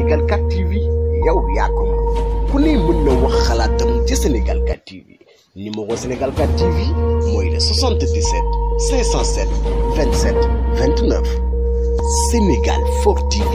Sénégal 4 TV yow yakum. ko ne mën na wax xalaatam ci Sénégal 4 TV numéro Sénégal 4 TV moy le 77 507 27 29 Sénégal 4 TV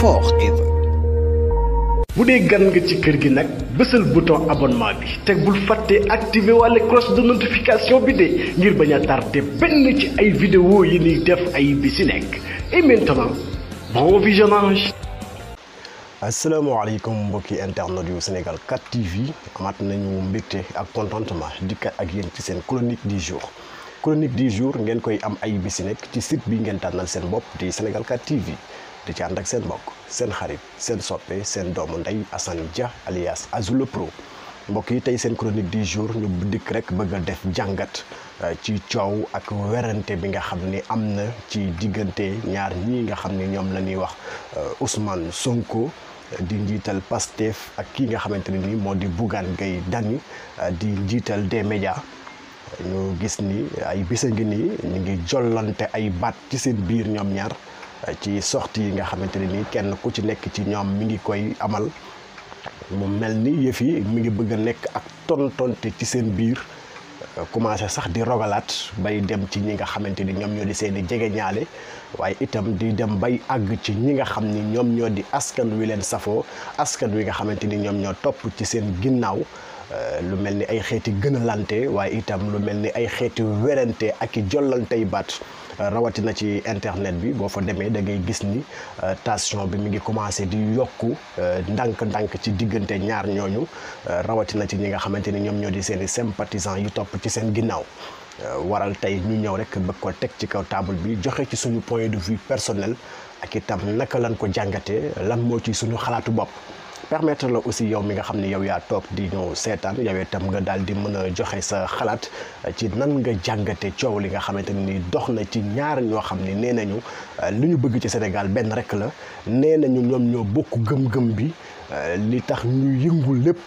forever. bu vous gan nga ci kër gi nag le bouton abonnement bi teg bul fàttee la cloche de notification bi ne ngir bañ a tardé ci ay vidéo yi ni def ay et maintenant bon visionnage asalaamaaleykum mbokki internet yu Sénégal 4 TV amaat nañu mbégte ak contentement dikkat ak yéen ci seen chronique di jour chronique du jour ngeen koy am ay bisi nekk ci site bi ngeen tànnal seen bopp di Sénégal 4 TV di ci ànd ak seen mbokk seen xarit seen soppe seen doomu ndey Assane Dia alias Azou Pro mbokk yi tey seen chronique du jour ñu dikk rek bëgg def jàngat euh, ci coow ak werante bi nga xam ni am na ci diggante ñaar ñii nga xam ni ñoom la ñuy wax euh, Ousmane Sonko di njiital Pastef ak ki nga xamante ne nii moo di Bougane gay Dany euh, di njiital de médias ñu gis ni ay bisa a ngi nii ñu ngi jollante ay baat ci seen biir ñoom ñaar euh, ci sortie yi nga xamante ne nii kenn ku ci nekk ci ñoom mi ngi koy amal mu mel ni yëf yi mi ngi bëgg a nekk ak tontonte ci seen biir. commencé sax di rogalaat bay dem ci ñi nga xamante ni ñoom ñoo di seen i jege ñaale waaye itam di dem bay àgg ci ñi nga xam ni ñoom ñoo di askan wi leen safoo askan wi nga xamante ni ñoom ñoo topp ci seen ginnaaw euh, lu mel ni ay xeeti gënalante waaye itam lu mel ni ay xeeti werante ak i jollantey baat rawatina ci internet bi boo fa demee da ngay gis ni euh, tension bi mu ngi commencé di yokku euh, ndànk-ndànk ci diggante ñaar ñooñu euh, rawatina ci ñi nga xamante ni ñoom ñoo di seeni sympathisants yu topp ci seen ginnaaw waral tey ñu ñëw rek bëgg ko teg ci kaw table bi joxe ci suñu point de vie personnel ak itam naka lañ ko jàngatee lan moo ci suñu xalaatu bopp permettre la aussi yow mi nga xam ni yow yaa toog di ñëw seetaan yow itam nga daal di mën a joxe sa xalaat ci nan nga jàngate coow li nga xamante ni dox na ci ñaar ñoo xam ne nee nañu euh, li ñu bëgg ci Sénégal benn rek la nee nañu ñoom ñoo bokk gëm-gëm bi euh, li tax ñu yëngu lépp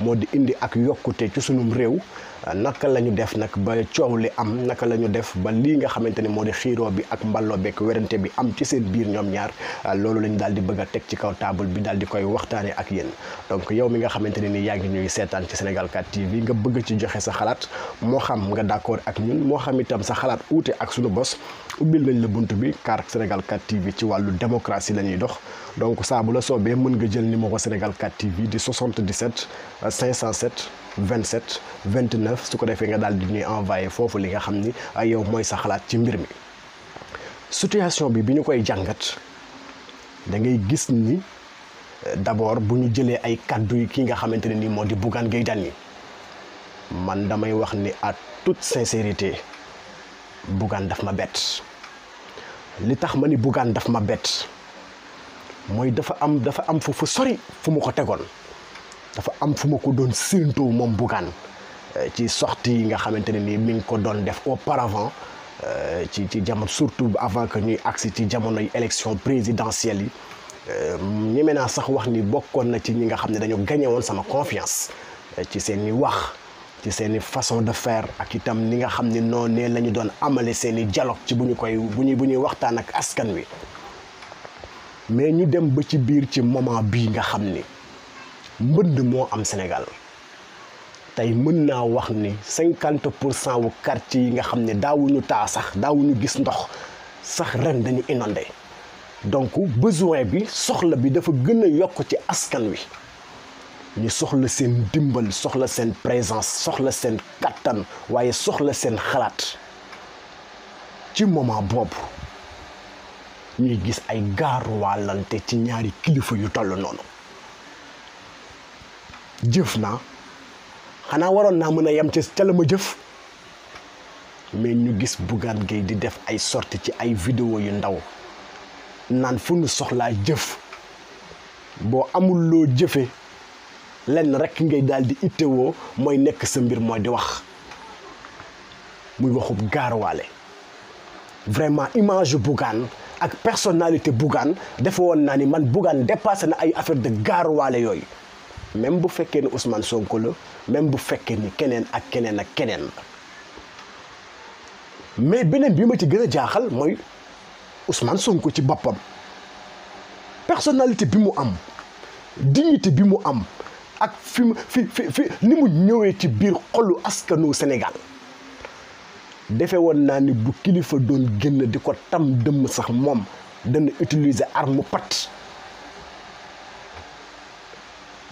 moo di indi ak yokkute ci sunum réew naka la ñu def nag ba coow li am naka la ñu def ba lii nga xamante ne moo di xiiroo bi ak mballoo beeg werante bi am ci seen biir ñoom ñaar loolu lañu daal di bëgg teg ci kaw table bi daal di koy waxtaanee ak yéen donc yow mi nga xamante ne ni yaa ngi ñuy seetaan ci Sénégal 4 TV nga bëgg ci joxe sa xalaat moo xam nga d'accord ak ñun moo xam itam sa xalaat uute ak sunu bos ubbil nañ la bunt bi car Sénégal 4 TV ci wàllu démocratie la ñuy dox donc saa bu la soobee mën nga jël numéro Sénégal 4 TV di 77. 507 27 29 su ko defee nga daal di ñuy envoyé foofu li nga xamni ay ah, yow moy sa xalaat ci mbir mi situation bi biñu koy jangat da ngay gis ni euh, d'abord bu ñu jëlee ay kàddu yi ki nga xamanteni ne nii moo di Bougane Gueye man damay wax ni à toute sincérité bugan daf ma bett li tax ma ni Bougane daf ma bett moy dafa am dafa am fofu sori fu mu ko tegoon dafa am fu ma ko doon séentoo moom Bougane euh, ci sortie yi nga xamante ne nii mi ngi ko doon def auparavant euh, ci ci jamono surtout avant que ñuy agsi ci jamonoy élection présidentielle yi euh, ñeme naa sax wax ni bokkoon na ci ñi nga xam ne dañoo gagné sama confiance ci seen i wax ci seen i façon de faire ak itam ni nga xam ne noonee la ñu doon amale seen i dialogue ci bu ñu koy bu ñuy bu ñuy waxtaan ak askan wi mais ñu dem ba ci biir ci moment bii nga xam ni. mbënd moo am senegal tey mën naa wax ni cinquante pour cent wu quartier yi nga xam ne daawuñu taa sax daawuñu gis ndox sax ren dañu inondé donc besoin bi soxla bi dafa gën a yokk ci askan wi ñu soxla seen dimbal soxla seen présence soxla seen kàttan waaye soxla seen xalaat ci moment boobu ñuy gis ay gaaruwaalante ci ñaari kilifa yu toll noonu jëf naa xanaa waroon naa mën a yem ca la ma jëf mais ñu gis Bougane Gueye di def ay sorties ci ay video yu ndaw naan fu nu soxlaa jëf boo amul loo jëfe lenn rekk ngay daal di ittewoo mooy nekk sa mbir mooy di wax muy waxub gaaruwaale vraiment image Bougane ak personnalité Bougane defe woon naa ni man Bougane dépassé na ay affaire de gaaruwaale yooyu même bu fekkee ni Ousmane Sonko la même bu fekkee ni keneen ak keneen ak keneen la mais beneen bi ma ci gën a jaaxal mooy Ousmane Sonko ci boppam personnalité bi mu am dignité bi mu am ak fi mu fi fi fi ni mu ñëwee ci biir xolu askanu Sénégal defe woon naa ni bu kilifa doon génn di ko tam dëmm sax moom dana utiliser armu pat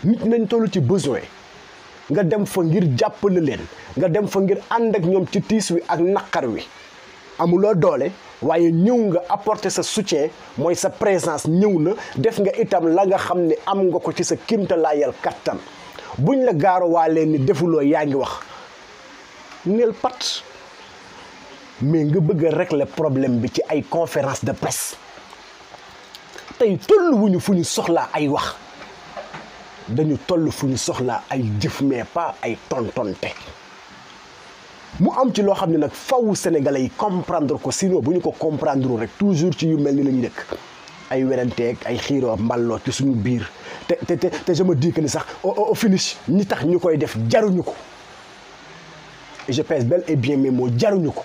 nit nañ toll ci besoin nga dem fa ngir jàppale leen nga dem fa ngir ànd ak ñoom ci tiis wi ak naqar wi amuloo doole waaye ñëw nga apporter sa soutien mooy sa présence ñëw na def nga itam la nga xam ni am nga ko ci sa kimtalaayal kattan buñ la gaaruwaalee ni defuloo yaa ngi wax neel pat mais nga bëgg a régler problème bi ci ay conférence de presse tey tolluwuñu fu ñu soxlaa ay wax dañu toll fuñu soxla ay jëf pas ay tontonte mu am ci loo xam ne nag faw sénégalais yi comprendre ko ko comprendre rek toujours ci yu mel lañu dëkk ay ay xiiroo ci suñu biir te te te je me dis que ni sax au finish ñi tax def ko je pèse et bien mais jaruñu ko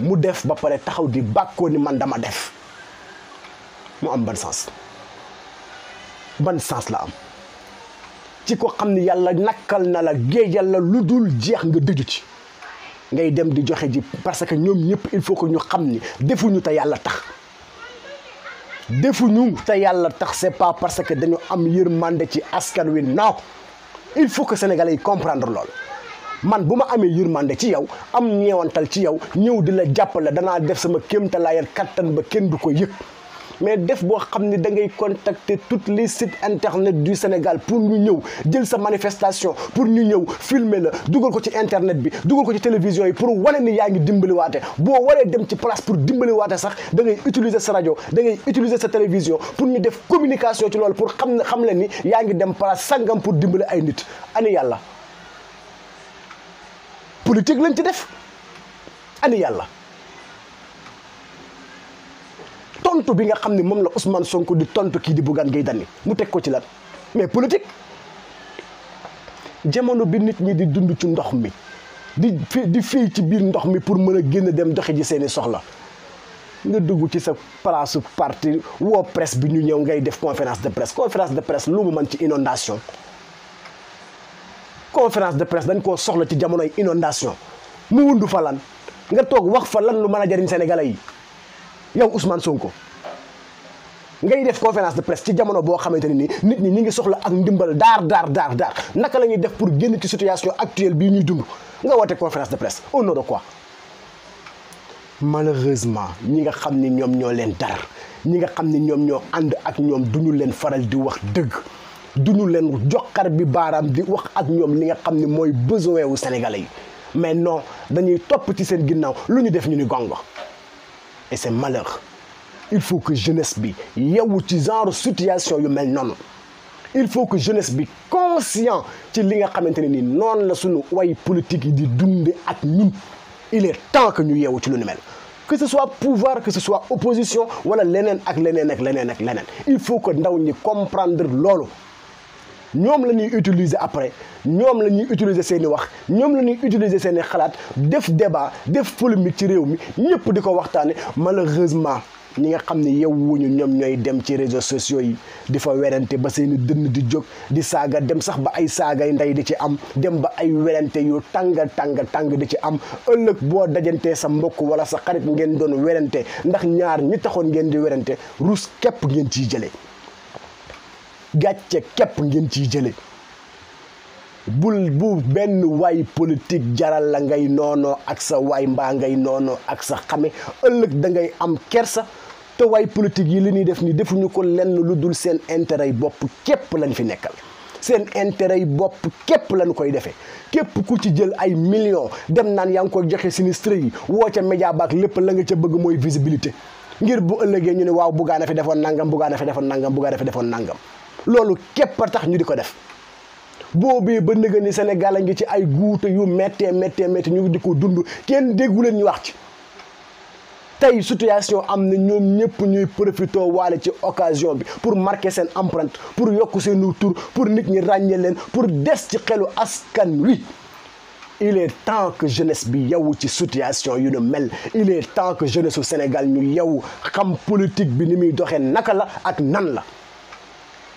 mu def ba taxaw di bàkkoo ni man mu am ban sens ban sens la am ci ko xam ne yàlla nakkal na la géejal la lu dul jeex nga dëju ci ngay dem di joxe ji parce que ñoom ñëpp il faut que ñu xam ni defuñu te yàlla tax defuñu te yàlla tax c'est pas parce que dañu am yërmande ci askan wi naaw il faut que sénégalais yi comprendre loolu man bu ma amee yërmande ci yow am ñeewantal ci yow ñëw di la jàppale danaa def sama kéemtalaayal kattan ba kenn du ko yëg mais def bo xamni ni da ngay contacter toutes les sites internet du Sénégal pour ñu ñew jël sa manifestation pour ñu ñew filmer la duggal ko ci internet bi duggal ko ci télévision yi pour wane ni yaangi dimbali waté bo waree dem ci place pour waté sax da ngay utiliser sa radio da ngay utiliser sa télévision pour ñu def communication ci lool pour xam xam leen ni yaangi dem place sangam pour dimbali ay nit ani yalla politique lañ ci def ani yalla tontu bi nga xamni mom la Ousmane Sonko di tontu ki di bugan gay dani mu tek ko ci lan mais politique jamono bi nit ñi di dund ci ndox mi di di fii ci bir ndox mi pour meuna genn dem doxi ji seeni soxla nga dugg ci sa place parti wo presse bi ñu ñew ngay def conférence de presse conférence de presse lu mu man ci inondation conférence de presse dañ ko soxla ci jamono inondation mu wundu fa lan nga tok wax fa lan lu mën a sénégalais yi yow son ko ngay def conférence de presse ci jamono boo xamante ne ni nit ñi ñi ngi soxla ak ndimbal daar daar daar daar naka la ñuy def pour génn ci situation actuelle bii ñuy dund nga woote conférence de presse au nom de quoi malheureusement ñi nga xam ni ñoom ñoo leen dar ñi nga xam ni ñoom ñoo ànd ak ñoom duñu leen faral di wax dëgg duñu leen joxar bi baaraam di wax ak ñoom li nga xam ni mooy besoin wu sénégalais yi mais non dañuy topp ci seen ginnaaw lu ñu def ñu ni gongo et c'est malheur il faut que jeunesse bi yeewu ci genre situation yu mel non. il faut que jeunesse bi conscient ci li nga xamanteni ne ni noonu la sunu way politique di dunde ak ñun il est temps que ñu yeewu ci lu nu mel que ce soit pouvoir que ce soit opposition wala leneen ak leneen ak ak il faut que ndaw ñi comprendre loolu ñoom la ñuy utiliser après ñoom la ñuy utiliser seen i wax ñoom la ñuy utiliser seen i xalaat def débat def polémique ci réew mi ñëpp di ko waxtaane malheureusement ñi nga xam ne yow wuñu ñoom ñooy dem ci réseaux sociaux yi di fa werante ba seeni dënn di jóg di saaga dem sax ba ay saagay ndey di ci am dem ba ay werante yu tàng tàng tàng di ci am ëllëg boo dajantee sa mbokk wala sa xarit ngeen doon werante ndax ñaar ñi taxoon ngeen di werante ruus képp ngeen ciy jëlee gàcce képp ngeen ci jële bul bu benn waay politique jaral la ngay noonoo ak sa waay mbaa ngay noonoo ak sa xame ëllëg da ngay am kersa te waay politique yi li ñuy def ni defuñu ko lenn lu dul seen intérêt yi bopp képp lañ fi nekkal seen intérêt yi bopp képp lañ koy defee képp ku ci jël ay millions dem naan yaa ngi koy joxe sinistre yi woo ca média baak lépp la nga ca bëgg mooy visibilité ngir bu ëllëgee ñu ne waaw buggaan a fi defoon nangam buggaan a fi defoon nangam buggaan a fi defoon nangam loolu képp a tax ñu di ko def boobee ba nëgën ni Sénégal ci ay guute yu méttee méttee méttee ñu di ko dund kenn déggu leen ñu wax ci tey situation am na ñoom ñëpp ñuy profité waale ci occasion bi pour marquer seen empreinte pour yokk seenu tur pour nit ñi ràññee leen pour des ci xelu askan wi il temps que jeunesse bi yow ci situation yu nu mel il est temps que jeunesse su Sénégal ñu yow xam politique bi ni muy doxee naka la ak nan la.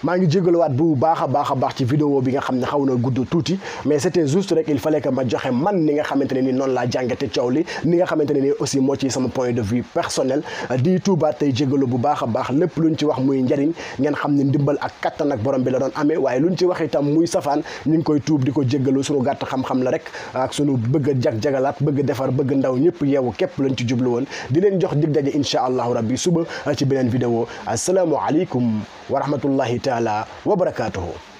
mangi ngi jégaluwaat bu baakha baakha bax ci vidéo bi nga xamné xawna guddou touti mais c'était juste rek il fallait que ma joxe man ni nga xamanteni ni non la jàngate coow li ni nga xamanteni ni aussi mo ci sama point de vue personnel di touba tay jégalu bu baakha bax lépp luñ ci wax muy njariñ ngeen xamné ndimbal ak katan ak borom bi la doon amé waye luñ ci wax itam muy safaan ni ngi koy tuub di ko sunu suñu gàtt xam-xam la rek ak suñu bëgg a jag-jagalaat bëgg defar bëgg ndaw ñëpp yewu képp luñ ci djublu won di leen jox dig daje inshallah rabbi suba ci benen vidéo assalamu alaykum wa rahmatullahi ta'ala ताली व बरकत हो